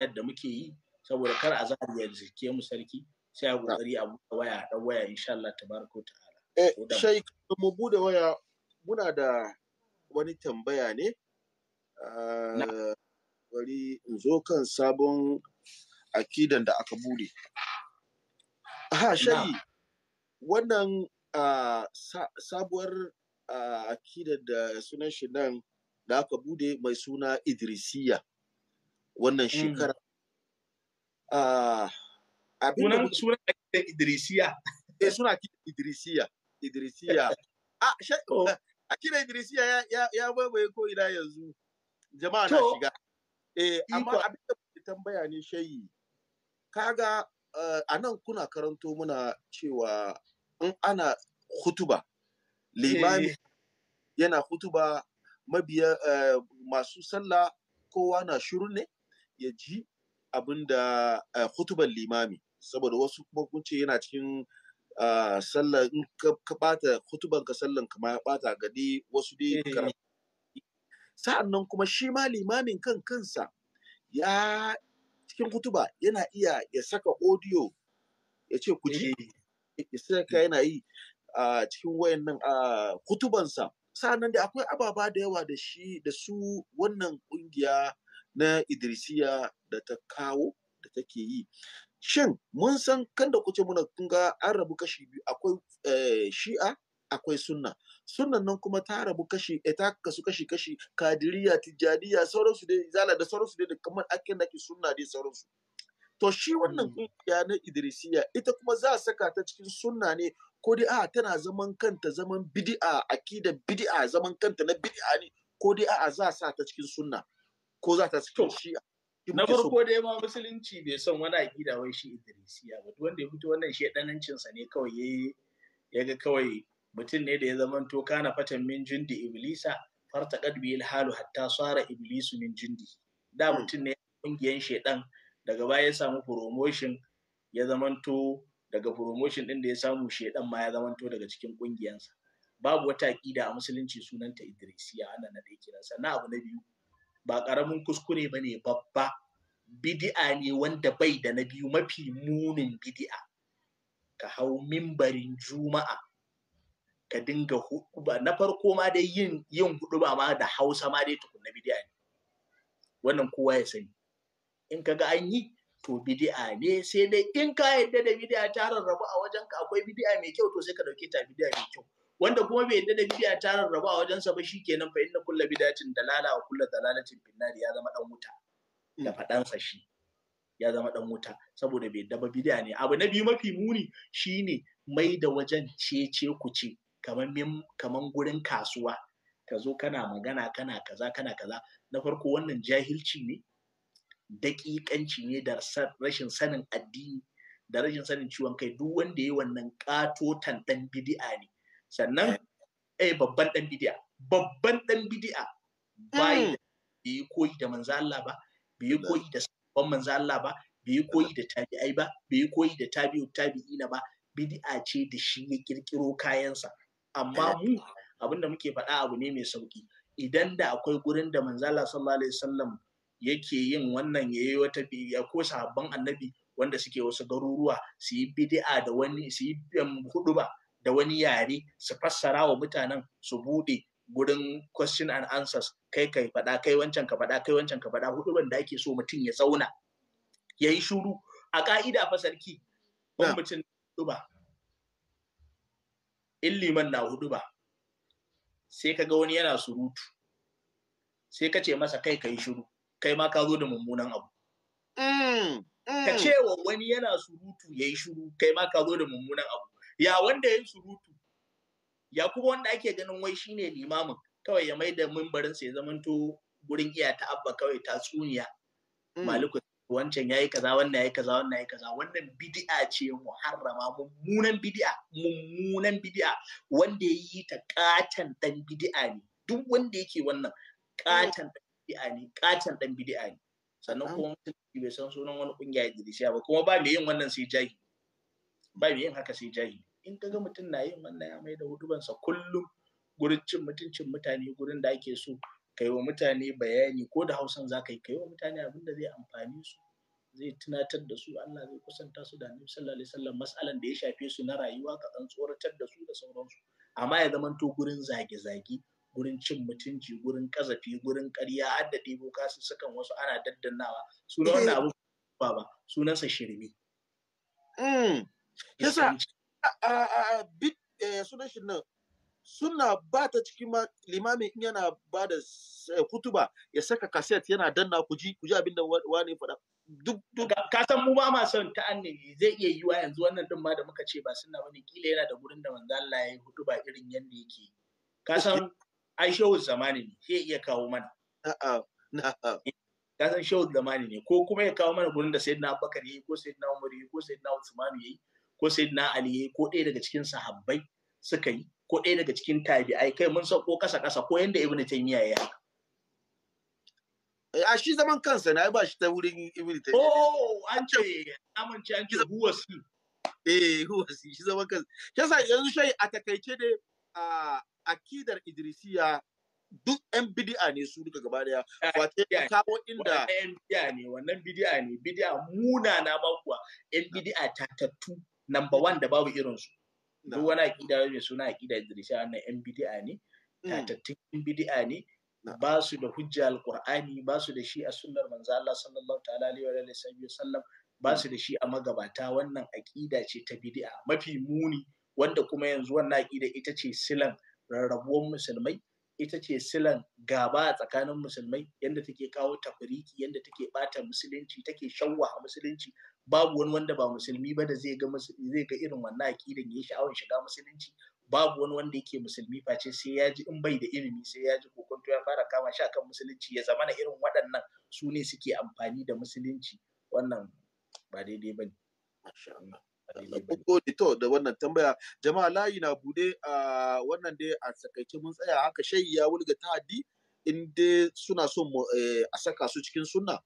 Yadda muke yi saboda kar a zahar ya zike mu sarki sai a kokari a buɗe waya ɗan waya insha Allah tabaraka ta'ala eh shai mu buɗe waya muna da wani tambaya ne ah, bari in zo kan sabon akidan da aka buɗe? ha shai wannan ah, sabuwar ah, akidar da sunan shi nan da aka bude mai suna idrisiya wannan mm. shekara. Ah, sunan sunan akidan Idrisiya. Eh suna akidan Idrisiya. Idrisiya. Ah, oh. A akidan Idrisiya ya ya ya ko ina yanzu. Jama'a na shiga. Eh amma abin da kuke tambaya ne shayi. Kaga eh, a nan kuna karanto muna cewa in ana hutuba limami eh. yana hutuba mabiya eh, masu sallah kowa na shiru ne ya ji abin da eh, hutubar limami saboda wasu kuma kun ce yana cikin ah, sallar in ka bata hutuban ka sallan ka ma ya bata ne wasu dai eh. sa'annan kuma shi ma limamin kan kansa ya cikin hutuba yana iya ya saka audio ya ce ku ji eh. ya saka yana yi a cikin wayannan hutubansa sa'annan da akwai ababa da yawa da shi da su wannan kungiya na idrisiya da ta kawo da take yi shin mun san kan da kuce muna kun ga an rabu kashi biyu akwai eh, shi'a akwai sunna sunnan nan kuma ta rabu kashi e ta kasu kashi kashi kadiriya tijjaniya sauransu dai zala da sauransu dai kamar ake naki sunna dai sauransu to shi wannan hmm. kungiya na idrisiya ita kuma za a saka ta cikin sunna ne ko dai a tana zaman kanta zaman bid'a akida bid'a zaman kanta na bid'a ne ko dai a za a sa ta cikin sunna ko za ta cikin shi na farko dai ma musulunci bai son wani akida wai shi idrisiya ba wanda ya fito wannan nancin sa ne kawai ya ya ga kawai mutum ne da ya zama to kana fatan min jindi iblisa farta qadbi al halu hatta sara iblisu min jindi da hmm. mutum ne kungiyan shedan daga baya ya samu promotion ya to daga promotion din da ya samu shedan ma ya zamanto daga cikin kungiyansa babu wata akida a musulunci sunanta idrisiya ana na da kira na abu na biyu ba ƙaramin kuskure ba ne babba bidi'a ne wanda bai da na biyu mafi munin bidi'a ka hau mimbarin juma'a ka dinga hudu ba na farko ma dai yin yin hudu ba ma da hausa ma dai tukunna bidi'a ne wannan kowa ya sani in kaga an yi to bidi'a ne sai dai in ka yadda da bidi'a ta rarrabu a wajen ka akwai bidi'a mai kyau to sai ka dauke ta bidi'a mai kyau wanda kuma bai yadda da bid'a ta rarraba a wajensa ba shikenan fa inna kullu bid'atin dalala wa kullu dalalatin finnar ya zama dan wuta da fadansa shi ya zama dan wuta saboda bai ba bidiya ne abu na biyu mafi muni shine mai da wajen cece kuce kaman kaman gurin kasuwa ka zo kana magana kana kaza kana kaza na farko wannan jahilci ne daƙiƙanci ne da rashin sanin addini da rashin sanin ciwon kai duk wanda ya yi wannan ƙatotan ɗan bidi'a ne sannan eh babban dan bidi'a. babban dan bid'a hmm. bai yi koyi da manzo Allah ba bai yi hmm. koyi da sabon manzo Allah ba bai yi koyi da tabi'ai ba bai yi koyi da tabi'u tabi'ina ba Bidi'a ce da shi ya kirkiro kayansa amma eh. mu abinda muke faɗa abu ne mai sauki idan da akwai gurin da manzo Allah sallallahu alaihi wasallam yake yin wannan yayi wata ya ko sahabban annabi wanda suke wasu garuruwa su yi bid'a da wani su yi um, hudu ba da wani yare su fassara wa mutanen su buɗe gurin question and answers kai kai faɗa kai wancan ka faɗa kai wancan ka faɗa hudu da ake so mutum ya zauna ya yi shuru a ƙa'ida fa sarki ban mutum hudu ba in liman na hudu ba sai ka ga wani yana surutu sai ka ce masa kai ka yi shuru kai ma ka zo da mummunan abu mm, ka mm. ce wa wani yana surutu ya yi shuru kai ma ka zo da mummunan abu ya wanda ya surutu ya kuma wanda ake ganin wai shine limamin kawai ya mai da mimbarin ya zamanto gurin iya ta abba kawai tatsuniya mm. maliku wancan yayi kaza wannan yayi kaza wannan yayi kaza wannan bid'a ce muharrama mummunan bid'a mummunan bid'a wanda yayi ta katan dan bid'a ne duk wanda yake wannan katan dan bid'a ne katan dan bid'a ne sannan kuma mutum bai san sunan wani kungiya Idrisiya ba kuma ba mai yin wannan sai jahi ba mai yin haka sai jahi in ka ga mutum na yin wannan ya mai da hudubansa kullum gurin cin mutuncin mutane gurin da ake so ka yi wa mutane bayani ko da hausan za ka yi ka yi wa mutane abin da zai amfani su zai tunatar da su Allah zai kusanta su da annabi sallallahu alaihi wasallam mas'alan da ya shafe su na rayuwa ka kan tsoratar da su da sauransu amma ya zamanto gurin zage-zage gurin cin mutunci gurin kazafi gurin ƙarya har da ɗebo kasu sukan wasu ana daddannawa sunan wannan eh. abu ba ba sunansa shirme mm. yasa Eh, sunan shi nan suna ba ta cikin limamin in yana ba da kutuba eh, ya saka kaset yana danna ku ji ku ji abin da wani faɗa duk duk ka san mu ba ma son ta annabi zai iya yiwa yanzu wannan din ma da muka ce ba sunna bane kila yana da gurin da manzo Allah ya yi hutuba irin yanda yake ka san ai shehu zamani ne sai iya kawo mana a'a ka san shehu zamani ne ko kuma ya kawo mana gurin da sayyidina Abubakar yayi ko sayyidina Umar yayi ko sayyidina Uthman yayi ko sai na ali ko ɗaya daga cikin sahabbai suka yi ko ɗaya daga cikin tabi'ai kai mun sauko ƙasa ƙasa ko yanda ibnu taymiya ya haka eh, a shi zaman kansa na ba shi ta wurin ibnu taymiya oh an ce amince an ce huwa eh huwa shi zaman kansa yasa yanzu shai a takaice da a akidar idrisiya duk yan bidi'a ne su duka gaba daya eh, wato ya kawo inda wannan bidi'a ne wannan bidi'a ne bidi'a munana ma kuwa yan bidi'a tatattu number one da babu irinsu. Duk wani aƙida mai suna aƙida a wannan ‘yan bidi'a ne, mm. tatattun ‘yan bidi'a ne, ba su da hujja alƙur'ani, ba su da shi a sunnar manzo Allah sallallahu ta'ala alaihi wa sallam, ba mm. su da shi a magabata wannan aƙida ce ta bidi'a mafi muni wanda kuma yanzu wannan aƙida ita ce silan rarrabuwar musulmai ita ce silan gaba a tsakanin musulmai yadda take kawo tafriki yadda take bata musulunci take shawwa a musulunci babu wani wanda ba musulmi ba da zai ga zai ga irin wannan aqidan yayi sha'awan shiga musulunci babu wani wanda yake musulmi face sai ya ji in bai da ilimi sai ya ji kokonto ya fara kama shi akan musulunci ya zamana irin waɗannan su ne suke amfani da musulunci wannan ba daidai ba ne. Gode to da wannan tambaya jama'a layi na bude a wannan dai a sakaice mun tsaya haka shayi ya wulga ta'addi in dai suna son eh, a saka su cikin sunna